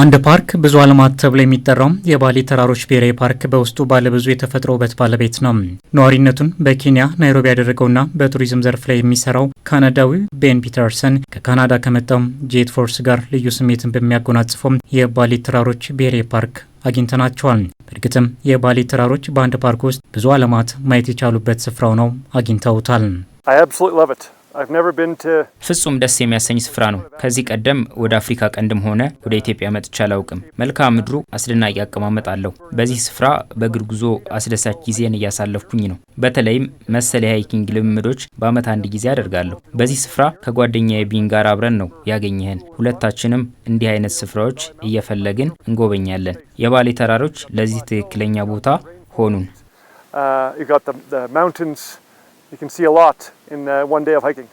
አንድ ፓርክ ብዙ ዓለማት ተብሎ የሚጠራው የባሌ ተራሮች ብሔራዊ ፓርክ በውስጡ ባለብዙ የተፈጥሮ ውበት ባለቤት ነው። ነዋሪነቱን በኬንያ ናይሮቢ ያደረገውና በቱሪዝም ዘርፍ ላይ የሚሰራው ካናዳዊው ቤን ፒተርሰን ከካናዳ ከመጣው ጄት ፎርስ ጋር ልዩ ስሜትን በሚያጎናጽፈው የባሌ ተራሮች ብሔራዊ ፓርክ አግኝተናቸዋል። እርግጥም የባሌ ተራሮች በአንድ ፓርክ ውስጥ ብዙ ዓለማት ማየት የቻሉበት ስፍራው ነው። አግኝተውታል። ፍጹም ደስ የሚያሰኝ ስፍራ ነው። ከዚህ ቀደም ወደ አፍሪካ ቀንድም ሆነ ወደ ኢትዮጵያ መጥቼ አላውቅም። መልክዓ ምድሩ አስደናቂ አቀማመጥ አለው። በዚህ ስፍራ በእግር ጉዞ አስደሳች ጊዜን እያሳለፍኩኝ ነው። በተለይም መሰል የሃይኪንግ ልምምዶች በአመት አንድ ጊዜ አደርጋለሁ። በዚህ ስፍራ ከጓደኛዬ ቢን ጋር አብረን ነው ያገኘህን። ሁለታችንም እንዲህ አይነት ስፍራዎች እየፈለግን እንጎበኛለን። የባሌ ተራሮች ለዚህ ትክክለኛ ቦታ ሆኑን። in uh, one day of hiking.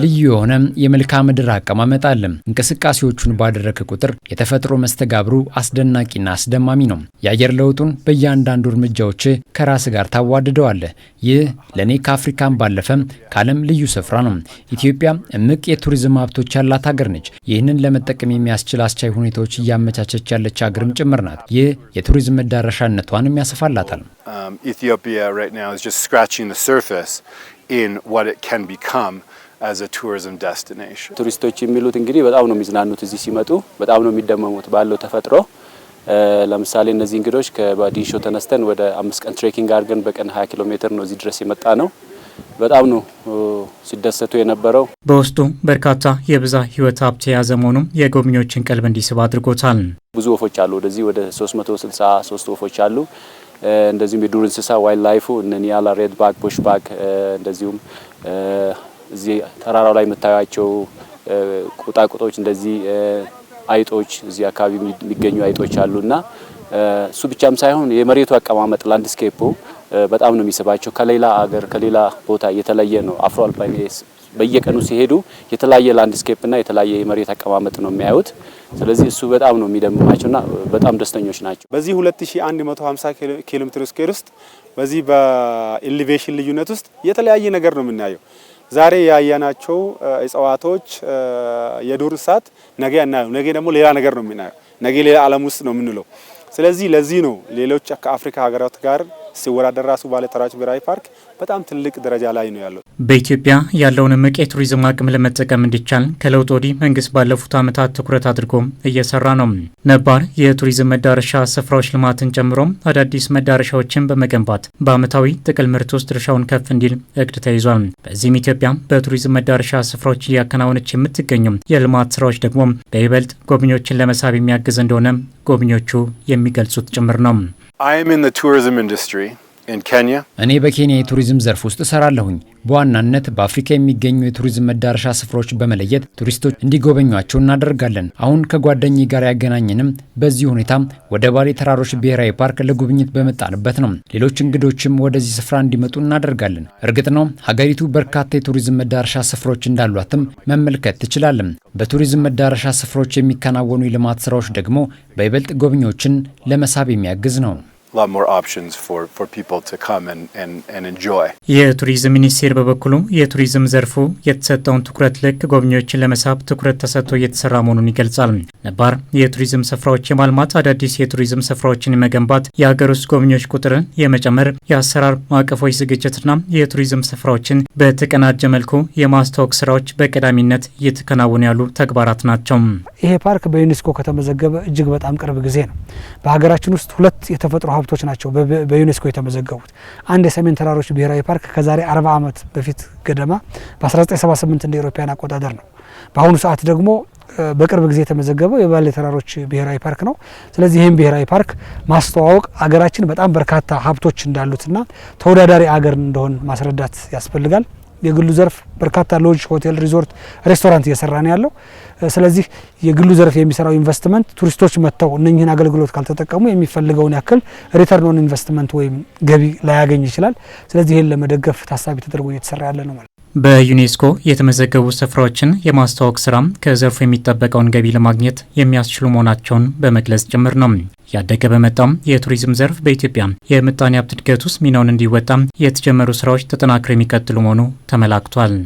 ልዩ የሆነ የመልክዓ ምድር አቀማመጥ አለ። እንቅስቃሴዎቹን ባደረክ ቁጥር የተፈጥሮ መስተጋብሩ አስደናቂና አስደማሚ ነው። የአየር ለውጡን በእያንዳንዱ እርምጃዎች ከራስ ጋር ታዋድደዋለ። ይህ ለእኔ ከአፍሪካም ባለፈ ከዓለም ልዩ ስፍራ ነው። ኢትዮጵያ እምቅ የቱሪዝም ሀብቶች ያላት ሀገር ነች። ይህንን ለመጠቀም የሚያስችል አስቻይ ሁኔታዎች እያመቻቸች ያለች ሀገርም ጭምር ናት። ይህ የቱሪዝም መዳረሻነቷንም ያሰፋላታል። um, ቱሪስቶች የሚሉት እንግዲህ በጣም ነው የሚዝናኑት እዚህ ሲመጡ፣ በጣም ነው የሚደመሙት ባለው ተፈጥሮ። ለምሳሌ እነዚህ እንግዶች ከባዲንሾ ተነስተን ወደ አምስት ቀን ትሬኪንግ አድርገን በቀን 20 ኪሎ ሜትር ነው እዚህ ድረስ የመጣ ነው። በጣም ነው ሲደሰቱ የነበረው። በውስጡ በርካታ የብዝሃ ህይወት ሀብት የያዘ መሆኑም የጎብኚዎችን ቀልብ እንዲስብ አድርጎታል። ብዙ ወፎች አሉ፣ ወደዚህ ወደ 363 ወፎች አሉ። እንደዚሁም የዱር እንስሳ ዋይልድ ላይፉ እነ ኒያላ ሬድ ባክ፣ ቡሽ ባክ እንደዚሁም እዚህ ተራራው ላይ የምታዩቸው ቁጣቁጦች እንደዚህ አይጦች እዚህ አካባቢ የሚገኙ አይጦች አሉ እና እሱ ብቻም ሳይሆን የመሬቱ አቀማመጥ ላንድስኬፑ በጣም ነው የሚስባቸው። ከሌላ አገር ከሌላ ቦታ እየተለየ ነው። አፍሮ አልፓይን በየቀኑ ሲሄዱ የተለያየ ላንድስኬፕና የተለያየ የመሬት አቀማመጥ ነው የሚያዩት። ስለዚህ እሱ በጣም ነው የሚደምማቸውና በጣም ደስተኞች ናቸው። በዚህ 2150 ኪሎ ሜትር ስኬር ውስጥ በዚህ በኢሊቬሽን ልዩነት ውስጥ የተለያየ ነገር ነው የምናየው። ዛሬ ያየናቸው እጽዋቶች፣ የዱር እንስሳት ነገ አናየው። ነገ ደግሞ ሌላ ነገር ነው የምናየው። ነገ ሌላ ዓለም ውስጥ ነው የምንለው። ስለዚህ ለዚህ ነው ሌሎች ከአፍሪካ ሀገራት ጋር ሲወዳደር ራሱ ባለተራች ብሔራዊ ፓርክ በጣም ትልቅ ደረጃ ላይ ነው ያለው። በኢትዮጵያ ያለውን እምቅ የቱሪዝም አቅም ለመጠቀም እንዲቻል ከለውጥ ወዲህ መንግስት ባለፉት ዓመታት ትኩረት አድርጎ እየሰራ ነው። ነባር የቱሪዝም መዳረሻ ስፍራዎች ልማትን ጨምሮ አዳዲስ መዳረሻዎችን በመገንባት በዓመታዊ ጥቅል ምርት ውስጥ ድርሻውን ከፍ እንዲል እቅድ ተይዟል። በዚህም ኢትዮጵያ በቱሪዝም መዳረሻ ስፍራዎች እያከናወነች የምትገኙ የልማት ስራዎች ደግሞ በይበልጥ ጎብኚዎችን ለመሳብ የሚያግዝ እንደሆነ ጎብኚዎቹ የሚገልጹት ጭምር ነው። I am in the tourism industry. እኔ በኬንያ የቱሪዝም ዘርፍ ውስጥ እሰራለሁኝ። በዋናነት በአፍሪካ የሚገኙ የቱሪዝም መዳረሻ ስፍራዎች በመለየት ቱሪስቶች እንዲጎበኟቸው እናደርጋለን። አሁን ከጓደኝ ጋር ያገናኘንም በዚህ ሁኔታ ወደ ባሌ ተራሮች ብሔራዊ ፓርክ ለጉብኝት በመጣንበት ነው። ሌሎች እንግዶችም ወደዚህ ስፍራ እንዲመጡ እናደርጋለን። እርግጥ ነው ሀገሪቱ በርካታ የቱሪዝም መዳረሻ ስፍራዎች እንዳሏትም መመልከት ትችላለን። በቱሪዝም መዳረሻ ስፍራዎች የሚከናወኑ የልማት ስራዎች ደግሞ በይበልጥ ጎብኚዎችን ለመሳብ የሚያግዝ ነው። የቱሪዝም ሚኒስቴር በበኩሉ የቱሪዝም ዘርፉ የተሰጠውን ትኩረት ልክ ጎብኚዎችን ለመሳብ ትኩረት ተሰጥቶ እየተሰራ መሆኑን ይገልጻል። ነባር የቱሪዝም ስፍራዎች የማልማት፣ አዳዲስ የቱሪዝም ስፍራዎችን የመገንባት፣ የሀገር ውስጥ ጎብኚዎች ቁጥርን የመጨመር፣ የአሰራር ማዕቀፎች ዝግጅትና የቱሪዝም ስፍራዎችን በተቀናጀ መልኩ የማስተዋወቅ ስራዎች በቀዳሚነት እየተከናወኑ ያሉ ተግባራት ናቸው። ይሄ ፓርክ በዩኔስኮ ከተመዘገበ እጅግ በጣም ቅርብ ጊዜ ነው። በሀገራችን ውስጥ ሁለት የተፈጥሮ ሀብቶች ናቸው በዩኔስኮ የተመዘገቡት። አንድ የሰሜን ተራሮች ብሔራዊ ፓርክ ከዛሬ 40 ዓመት በፊት ገደማ በ1978 እንደ ኢሮፓያን አቆጣጠር ነው። በአሁኑ ሰዓት ደግሞ በቅርብ ጊዜ የተመዘገበው የባሌ ተራሮች ብሔራዊ ፓርክ ነው። ስለዚህ ይህም ብሔራዊ ፓርክ ማስተዋወቅ አገራችን በጣም በርካታ ሀብቶች እንዳሉትና ተወዳዳሪ አገር እንደሆን ማስረዳት ያስፈልጋል። የግሉ ዘርፍ በርካታ ሎጅ፣ ሆቴል፣ ሪዞርት፣ ሬስቶራንት እየሰራ ነው ያለው። ስለዚህ የግሉ ዘርፍ የሚሰራው ኢንቨስትመንት ቱሪስቶች መጥተው እነኝህን አገልግሎት ካልተጠቀሙ የሚፈልገውን ያክል ሪተርን ኦን ኢንቨስትመንት ወይም ገቢ ላያገኝ ይችላል። ስለዚህ ይህን ለመደገፍ ታሳቢ ተደርጎ እየተሰራ ያለ ነው ማለት በዩኔስኮ የተመዘገቡ ስፍራዎችን የማስተዋወቅ ስራም ከዘርፉ የሚጠበቀውን ገቢ ለማግኘት የሚያስችሉ መሆናቸውን በመግለጽ ጭምር ነው። ያደገ በመጣው የቱሪዝም ዘርፍ በኢትዮጵያ የምጣኔ ሀብት እድገት ውስጥ ሚናውን እንዲወጣ የተጀመሩ ስራዎች ተጠናክረው የሚቀጥሉ መሆኑ ተመላክቷል።